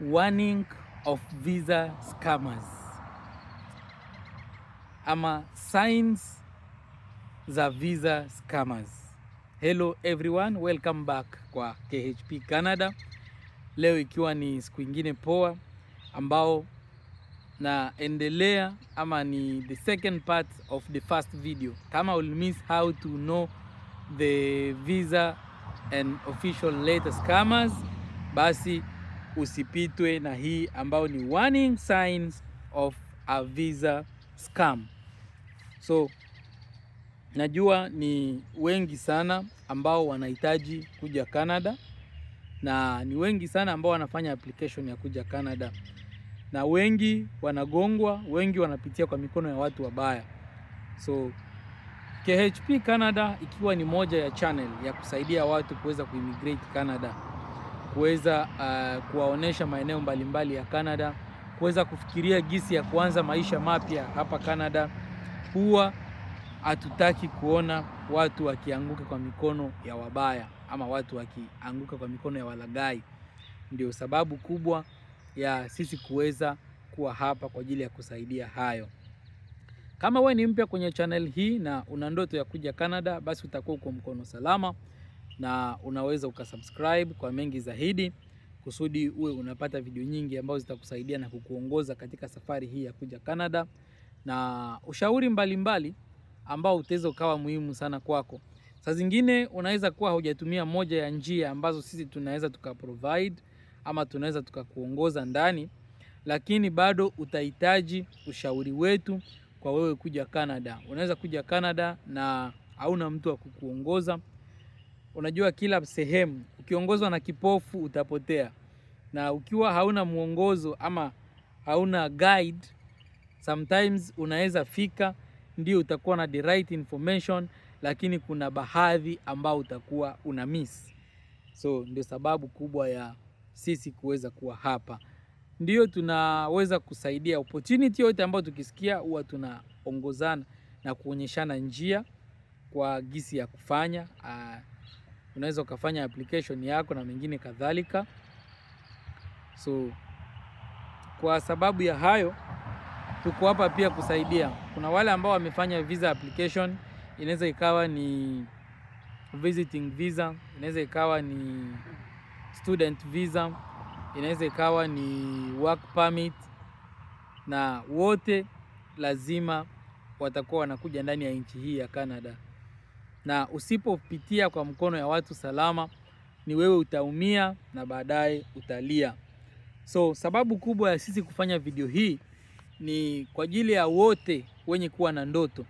warning of visa scammers ama signs za visa scammers. Hello everyone, welcome back kwa KHP Canada. Leo ikiwa ni siku ingine poa ambao naendelea ama ni the second part of the first video. Kama ulimiss how to know the visa and official letter scammers, basi usipitwe na hii ambayo ni warning signs of a visa scam. So najua ni wengi sana ambao wanahitaji kuja Canada na ni wengi sana ambao wanafanya application ya kuja Canada, na wengi wanagongwa, wengi wanapitia kwa mikono ya watu wabaya. So KHP Canada ikiwa ni moja ya channel ya kusaidia watu kuweza kuimmigrate Canada kuweza uh, kuwaonesha maeneo mbalimbali ya Canada, kuweza kufikiria gisi ya kuanza maisha mapya hapa Canada. Huwa hatutaki kuona watu wakianguka kwa mikono ya wabaya ama watu wakianguka kwa mikono ya walagai. Ndio sababu kubwa ya sisi kuweza kuwa hapa kwa ajili ya kusaidia hayo. Kama wewe ni mpya kwenye channel hii na una ndoto ya kuja Canada, basi utakuwa uko mkono salama na unaweza ukasubscribe kwa mengi zaidi kusudi uwe unapata video nyingi ambazo zitakusaidia na kukuongoza katika safari hii ya kuja Canada na ushauri mbalimbali ambao utaweza ukawa muhimu sana kwako. Saa zingine unaweza kuwa hujatumia moja ya njia ambazo sisi tunaweza tuka ama tunaweza tukakuongoza ndani, lakini bado utahitaji ushauri wetu kwa wewe kuja Canada. Unaweza kuja Canada na hauna mtu wa kukuongoza unajua kila sehemu. Ukiongozwa na kipofu utapotea, na ukiwa hauna mwongozo ama hauna guide, sometimes unaweza fika, ndio utakuwa na the right information, lakini kuna baadhi ambao utakuwa una miss. So ndio sababu kubwa ya sisi kuweza kuwa hapa, ndio tunaweza kusaidia opportunity yote ambayo tukisikia, huwa tunaongozana na kuonyeshana njia kwa gisi ya kufanya uh, unaweza ukafanya application yako na mengine kadhalika. So kwa sababu ya hayo tuko hapa pia kusaidia. Kuna wale ambao wamefanya visa application, inaweza ikawa ni visiting visa, inaweza ikawa ni student visa, inaweza ikawa ni work permit, na wote lazima watakuwa wanakuja ndani ya nchi hii ya Canada na usipopitia kwa mkono ya watu salama, ni wewe utaumia na baadaye utalia. So sababu kubwa ya sisi kufanya video hii ni kwa ajili ya wote wenye kuwa na ndoto,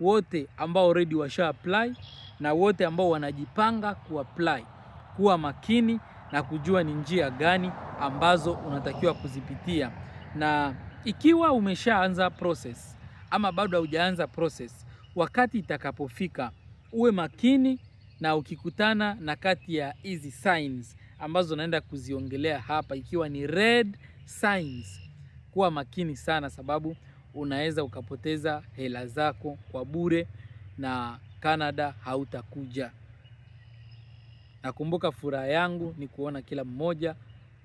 wote ambao already washa apply na wote ambao wanajipanga ku apply, kuwa makini na kujua ni njia gani ambazo unatakiwa kuzipitia, na ikiwa umeshaanza process ama bado haujaanza process, wakati itakapofika uwe makini na ukikutana na kati ya hizi signs ambazo naenda kuziongelea hapa, ikiwa ni red signs, kuwa makini sana, sababu unaweza ukapoteza hela zako kwa bure na Canada hautakuja. Nakumbuka furaha yangu ni kuona kila mmoja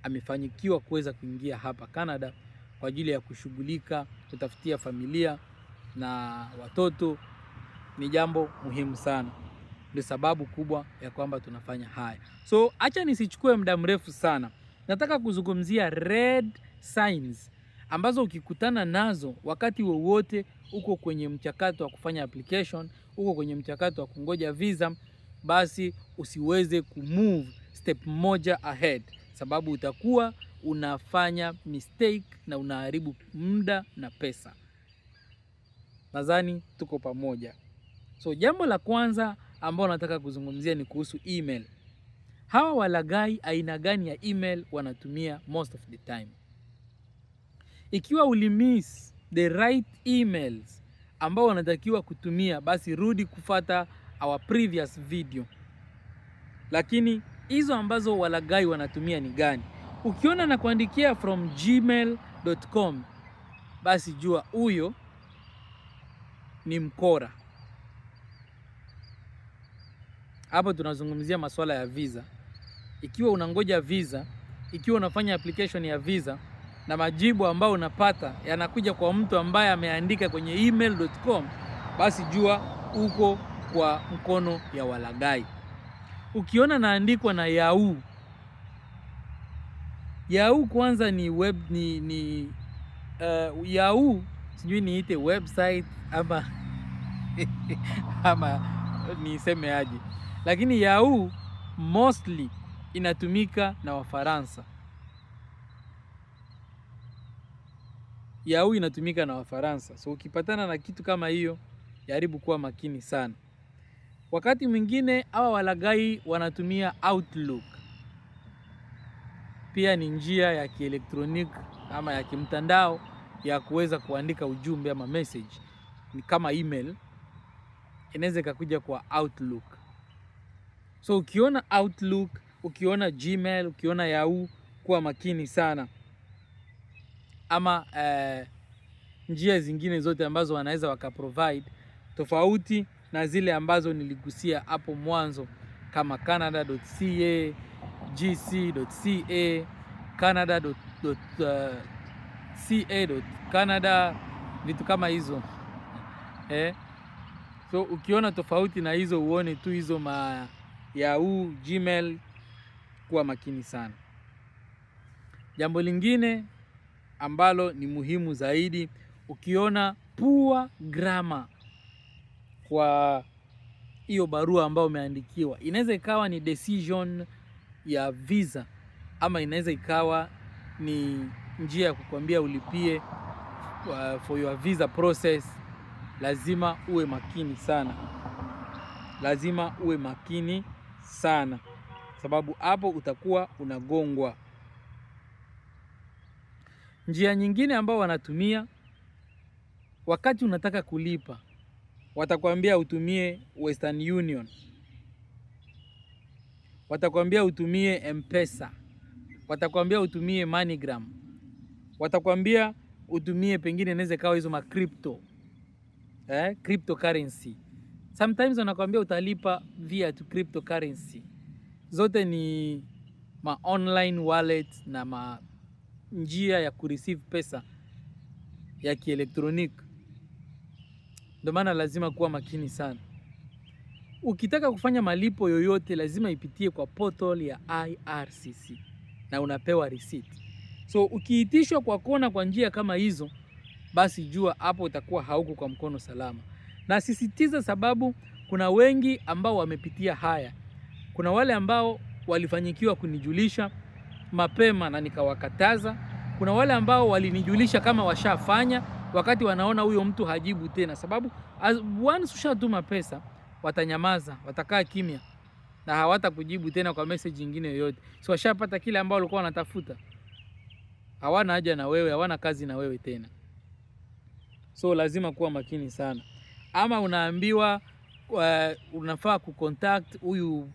amefanikiwa kuweza kuingia hapa Canada kwa ajili ya kushughulika kutafutia familia na watoto ni jambo muhimu sana, ndio sababu kubwa ya kwamba tunafanya haya. So acha nisichukue muda mrefu sana, nataka kuzungumzia red signs ambazo ukikutana nazo wakati wowote uko kwenye mchakato wa kufanya application, uko kwenye mchakato wa kungoja visa, basi usiweze kumove step moja ahead, sababu utakuwa unafanya mistake na unaharibu muda na pesa. Nadhani tuko pamoja. So jambo la kwanza ambao nataka kuzungumzia ni kuhusu email. Hawa walagai aina gani ya email wanatumia most of the time? Ikiwa ulimiss the right emails ambao wanatakiwa kutumia, basi rudi kufata our previous video. Lakini hizo ambazo walagai wanatumia ni gani? Ukiona na kuandikia from gmail.com, basi jua huyo ni mkora. Hapo tunazungumzia masuala ya visa. Ikiwa unangoja visa, ikiwa unafanya application ya visa na majibu ambayo unapata yanakuja kwa mtu ambaye ameandika kwenye email.com, basi jua uko kwa mkono ya walagai. Ukiona naandikwa na Yahoo, Yahoo kwanza ni web, ni, ni uh, Yahoo sijui niite website ama ama nisemeaje? lakini yau mostly inatumika na Wafaransa. Yau inatumika na Wafaransa, so ukipatana na kitu kama hiyo jaribu kuwa makini sana. Wakati mwingine hawa walagai wanatumia Outlook, pia ni njia ya kielektronik ama ya kimtandao ya kuweza kuandika ujumbe ama message, ni kama email, inaweza ikakuja kwa Outlook. So ukiona Outlook, ukiona Gmail, ukiona Yahoo, kuwa makini sana ama eh, njia zingine zote ambazo wanaweza wakaprovide tofauti na zile ambazo niligusia hapo mwanzo kama Canada.ca, GC.ca, Canada.ca, Canada, eh, vitu kama hizo eh. So ukiona tofauti na hizo uone tu hizo ma Yahoo, Gmail. Kuwa makini sana. Jambo lingine ambalo ni muhimu zaidi, ukiona pua grama kwa hiyo barua ambayo umeandikiwa, inaweza ikawa ni decision ya visa ama inaweza ikawa ni njia ya kukwambia ulipie uh, for your visa process. Lazima uwe makini sana, lazima uwe makini sana, sababu hapo utakuwa unagongwa. Njia nyingine ambao wanatumia wakati unataka kulipa, watakwambia utumie Western Union, watakwambia utumie Mpesa, watakwambia utumie MoneyGram, watakwambia utumie pengine inaweza kawa hizo ma crypto eh, cryptocurrency Sometimes wanakwambia utalipa via to cryptocurrency. Zote ni ma online wallet na ma njia ya kureceive pesa ya kielektroniki. Ndio maana lazima kuwa makini sana. Ukitaka kufanya malipo yoyote lazima ipitie kwa portal ya IRCC na unapewa receipt. So ukiitishwa kwa kona kwa njia kama hizo, basi jua hapo utakuwa hauko kwa mkono salama. Nasisitiza sababu kuna wengi ambao wamepitia haya. Kuna wale ambao walifanyikiwa kunijulisha mapema na nikawakataza. Kuna wale ambao walinijulisha kama washafanya wakati wanaona huyo mtu hajibu tena, sababu once ushatuma pesa watanyamaza, watakaa kimya na hawatakujibu tena kwa message nyingine yoyote. Si washapata kile ambao walikuwa wanatafuta? Hawana haja na wewe, hawana kazi na wewe tena. So lazima kuwa makini sana ama unaambiwa uh, unafaa kucontact huyu,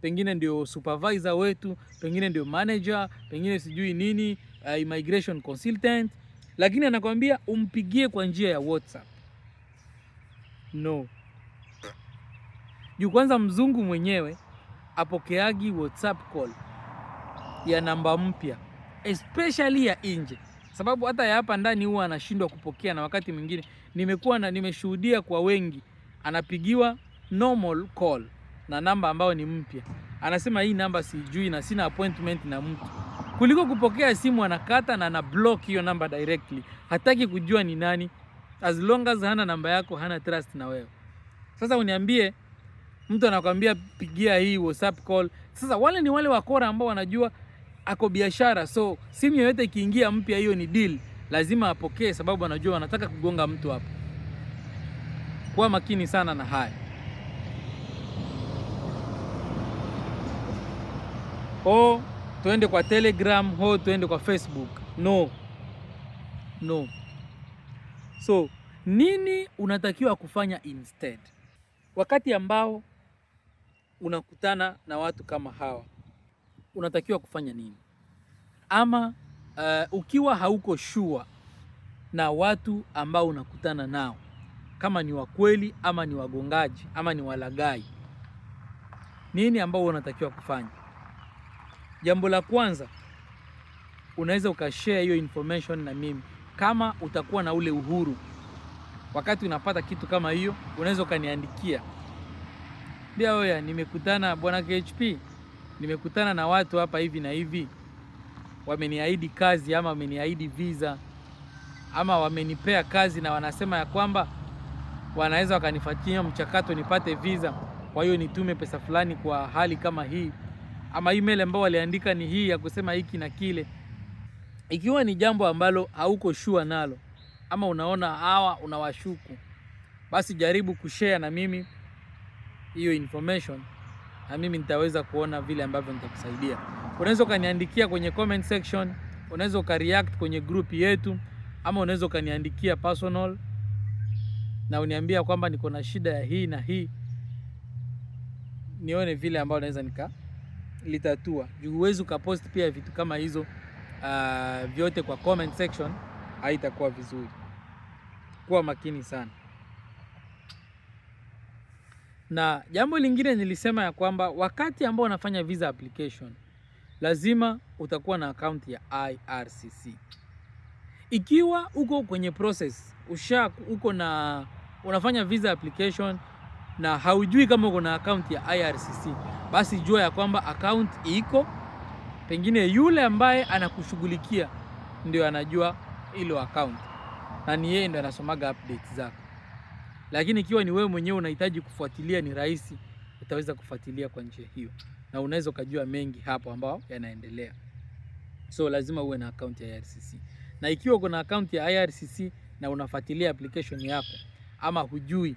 pengine ndio supervisor wetu, pengine ndio manager, pengine sijui nini uh, immigration consultant, lakini anakwambia umpigie kwa njia ya WhatsApp. No juu kwanza mzungu mwenyewe apokeagi WhatsApp call ya namba mpya especially ya nje, sababu hata ya hapa ndani huwa anashindwa kupokea, na wakati mwingine nimekuwa na nimeshuhudia kwa wengi, anapigiwa normal call na namba ambayo ni mpya, anasema hii namba sijui na sina appointment na mtu, kuliko kupokea simu anakata na ana hiyo namba directly, hataki kujua ni nani, as long as hana namba yako, hana trust na wewe. Sasa uniambie, mtu anakwambia pigia hii WhatsApp call. Sasa wale ni wale wakora ambao wanajua ako biashara, so simu yoyote ikiingia mpya, hiyo ni deal lazima apokee, sababu anajua anataka kugonga mtu hapo. Kuwa makini sana na haya. O tuende kwa Telegram ho tuende kwa Facebook? No, no. So nini unatakiwa kufanya instead, wakati ambao unakutana na watu kama hawa, unatakiwa kufanya nini? Ama uh, ukiwa hauko shua na watu ambao unakutana nao kama ni wakweli ama ni wagongaji ama ni walagai, nini ambao unatakiwa kufanya? Jambo la kwanza, unaweza ukashare hiyo information na mimi kama utakuwa na ule uhuru. Wakati unapata kitu kama hiyo, unaweza ukaniandikia, ndio oya, nimekutana bwana KHP, nimekutana na watu hapa hivi na hivi wameniahidi kazi ama wameniahidi visa ama wamenipea kazi na wanasema ya kwamba wanaweza wakanifatia mchakato nipate visa, kwa hiyo nitume pesa fulani kwa hali kama hii, ama email ambayo waliandika ni hii ya kusema hiki na kile. Ikiwa ni jambo ambalo hauko shua nalo ama unaona hawa unawashuku, basi jaribu kushare na mimi hiyo information, na mimi nitaweza kuona vile ambavyo nitakusaidia. Unaweza ukaniandikia kwenye comment section, unaweza ukareact kwenye group yetu, ama unaweza ukaniandikia personal na uniambia kwamba niko na shida ya hii na hii, nione vile ambayo naweza nika litatua juu huwezi ukapost pia vitu kama hizo uh, vyote kwa comment section, haitakuwa vizuri. Kuwa makini sana. Na jambo lingine nilisema ya kwamba wakati ambao unafanya visa application lazima utakuwa na akaunti ya IRCC. Ikiwa uko kwenye process usha uko na unafanya visa application na haujui kama uko na akaunti ya IRCC, basi jua ya kwamba akaunti iko, pengine yule ambaye anakushughulikia ndio anajua ilo account na ni yeye ndio anasomaga updates zako. Lakini ikiwa ni wewe mwenyewe unahitaji kufuatilia, ni rahisi, utaweza kufuatilia kwa njia hiyo na unaweza ukajua mengi hapo ambao yanaendelea. So lazima uwe na account ya IRCC, na ikiwa kuna account ya IRCC na unafuatilia application yako ama hujui,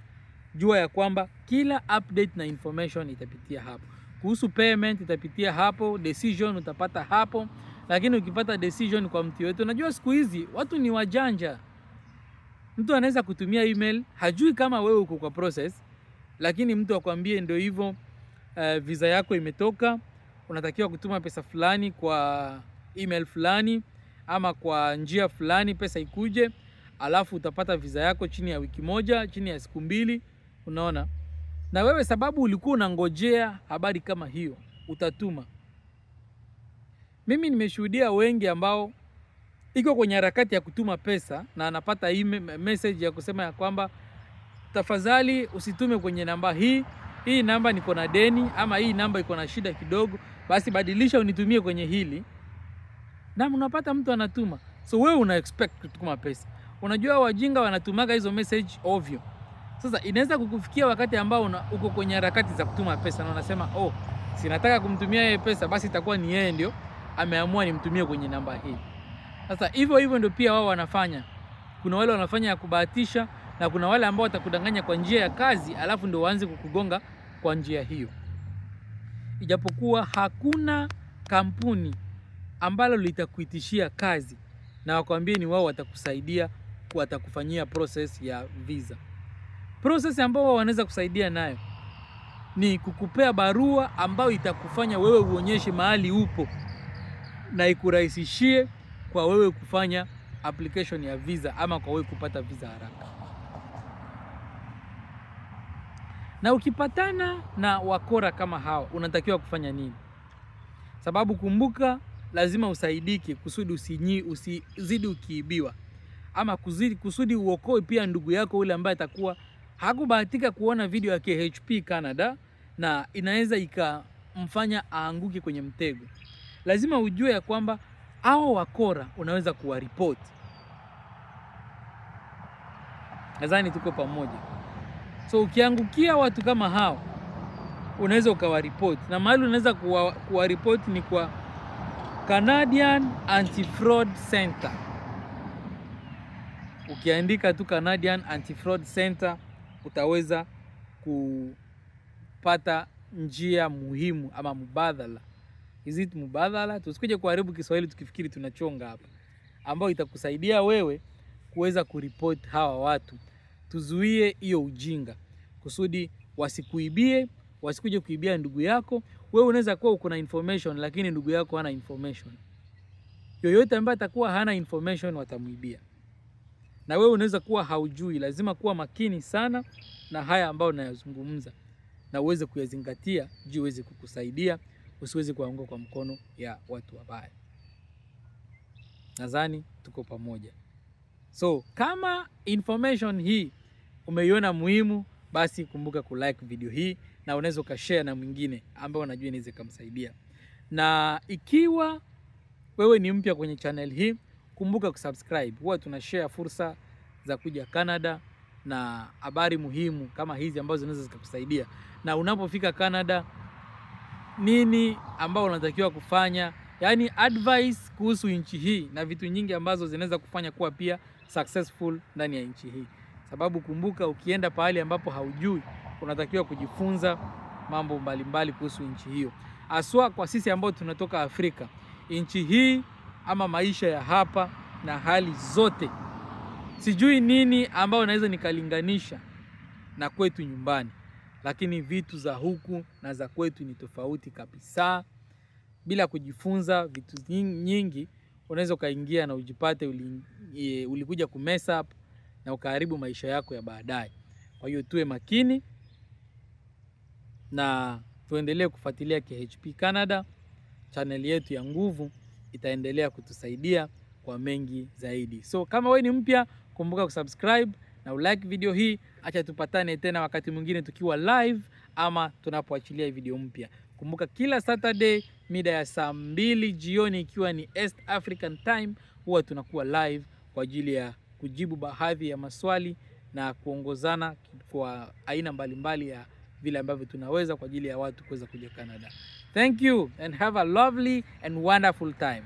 jua ya kwamba kila update na information itapitia hapo. Kuhusu payment itapitia hapo, decision utapata hapo. Lakini ukipata decision kwa mtu yoyote, unajua siku hizi watu ni wajanja. Mtu anaweza kutumia email, hajui kama wewe uko kwa process, lakini mtu akwambie ndio hivyo uh, visa yako imetoka, unatakiwa kutuma pesa fulani kwa email fulani ama kwa njia fulani, pesa ikuje, alafu utapata visa yako chini ya wiki moja, chini ya siku mbili. Unaona, na wewe sababu ulikuwa unangojea habari kama hiyo, utatuma. Mimi nimeshuhudia wengi ambao iko kwenye harakati ya kutuma pesa na anapata hii message ya kusema ya kwamba tafadhali usitume kwenye namba hii, hii namba niko na deni ama hii namba iko na shida kidogo, basi badilisha unitumie kwenye hili, na unapata mtu anatuma. So wewe una expect kutuma pesa. Unajua wajinga wanatumaga hizo message ovyo. Sasa inaweza kukufikia wakati ambao una, uko kwenye harakati za kutuma pesa na unasema oh, sinataka kumtumia yeye pesa, basi itakuwa ni yeye ndio ameamua nimtumie kwenye namba hii. Sasa hivyo hivyo ndio pia wao wanafanya. Kuna wale wanafanya ya kubahatisha na kuna wale ambao watakudanganya kwa njia ya kazi, alafu ndio waanze kukugonga kwa njia hiyo. Ijapokuwa hakuna kampuni ambalo litakuitishia kazi na wakwambie ni wao watakusaidia, watakufanyia process ya visa. Process ambayo wanaweza kusaidia nayo ni kukupea barua ambayo itakufanya wewe uonyeshe mahali upo na ikurahisishie kwa wewe kufanya application ya visa ama kwa wewe kupata visa haraka. Na ukipatana na wakora kama hawa unatakiwa kufanya nini? Sababu kumbuka, lazima usaidike kusudi usinyi usizidi ukiibiwa, ama kuzidi kusudi uokoe pia ndugu yako yule ambaye atakuwa hakubahatika kuona video ya KHP Canada na inaweza ikamfanya aanguke kwenye mtego. Lazima ujue ya kwamba hao wakora unaweza kuwaripoti. Nadhani tuko pamoja. So ukiangukia watu kama hao unaweza ukawaripoti, na mahali unaweza kuwaripoti kuwa ni kwa Canadian Anti-Fraud Center. Ukiandika tu Canadian Anti-Fraud Center utaweza kupata njia muhimu ama mubadhala. Is it mubadhala? Tusikuje kuharibu Kiswahili tukifikiri tunachonga hapa, ambayo itakusaidia wewe kuweza kuripoti hawa watu tuzuie hiyo ujinga kusudi wasikuibie, wasikuje kuibia ndugu yako. Wewe unaweza kuwa uko na information lakini ndugu yako hana information yoyote. Ambaye atakuwa hana information watamwibia, na wewe unaweza kuwa haujui. Lazima kuwa makini sana na haya ambayo nayazungumza, na uweze kuyazingatia juu uweze kukusaidia, usiweze kuanguka kwa mkono ya watu wabaya. Nadhani tuko pamoja. So kama information hii umeiona muhimu, basi kumbuka like video hii na unaweza ukashare na mwingine ambaye unajua inaweza kumsaidia. Na ikiwa wewe ni mpya kwenye channel hii, kumbuka kusubscribe. Huwa share fursa za kuja Canada na habari muhimu kama hizi ambazo zinaweza zikakusaidia. Na unapofika Canada, nini ambao unatakiwa kufanya, yaani advice kuhusu nchi hii na vitu nyingi ambazo zinaweza kufanya kuwa pia successful ndani ya nchi hii sababu kumbuka, ukienda pahali ambapo haujui, unatakiwa kujifunza mambo mbalimbali kuhusu nchi hiyo, aswa kwa sisi ambao tunatoka Afrika. Nchi hii ama maisha ya hapa na hali zote, sijui nini ambayo naweza nikalinganisha na kwetu nyumbani, lakini vitu za huku na za kwetu ni tofauti kabisa. Bila kujifunza vitu nyingi, unaweza ukaingia na ujipate eh, ulikuja kumesa na ukaharibu maisha yako ya baadaye. Kwa hiyo tuwe makini na tuendelee kufuatilia KHP Canada. Chaneli yetu ya nguvu itaendelea kutusaidia kwa mengi zaidi. So kama wewe ni mpya, kumbuka kusubscribe na ulike video hii. Acha tupatane tena wakati mwingine tukiwa live ama tunapoachilia video mpya. Kumbuka kila Saturday mida ya saa mbili jioni ikiwa ni East African time, huwa tunakuwa live kwa ajili ya kujibu baadhi ya maswali na kuongozana kwa aina mbalimbali ya vile ambavyo tunaweza kwa ajili ya watu kuweza kuja Canada. Thank you and have a lovely and wonderful time.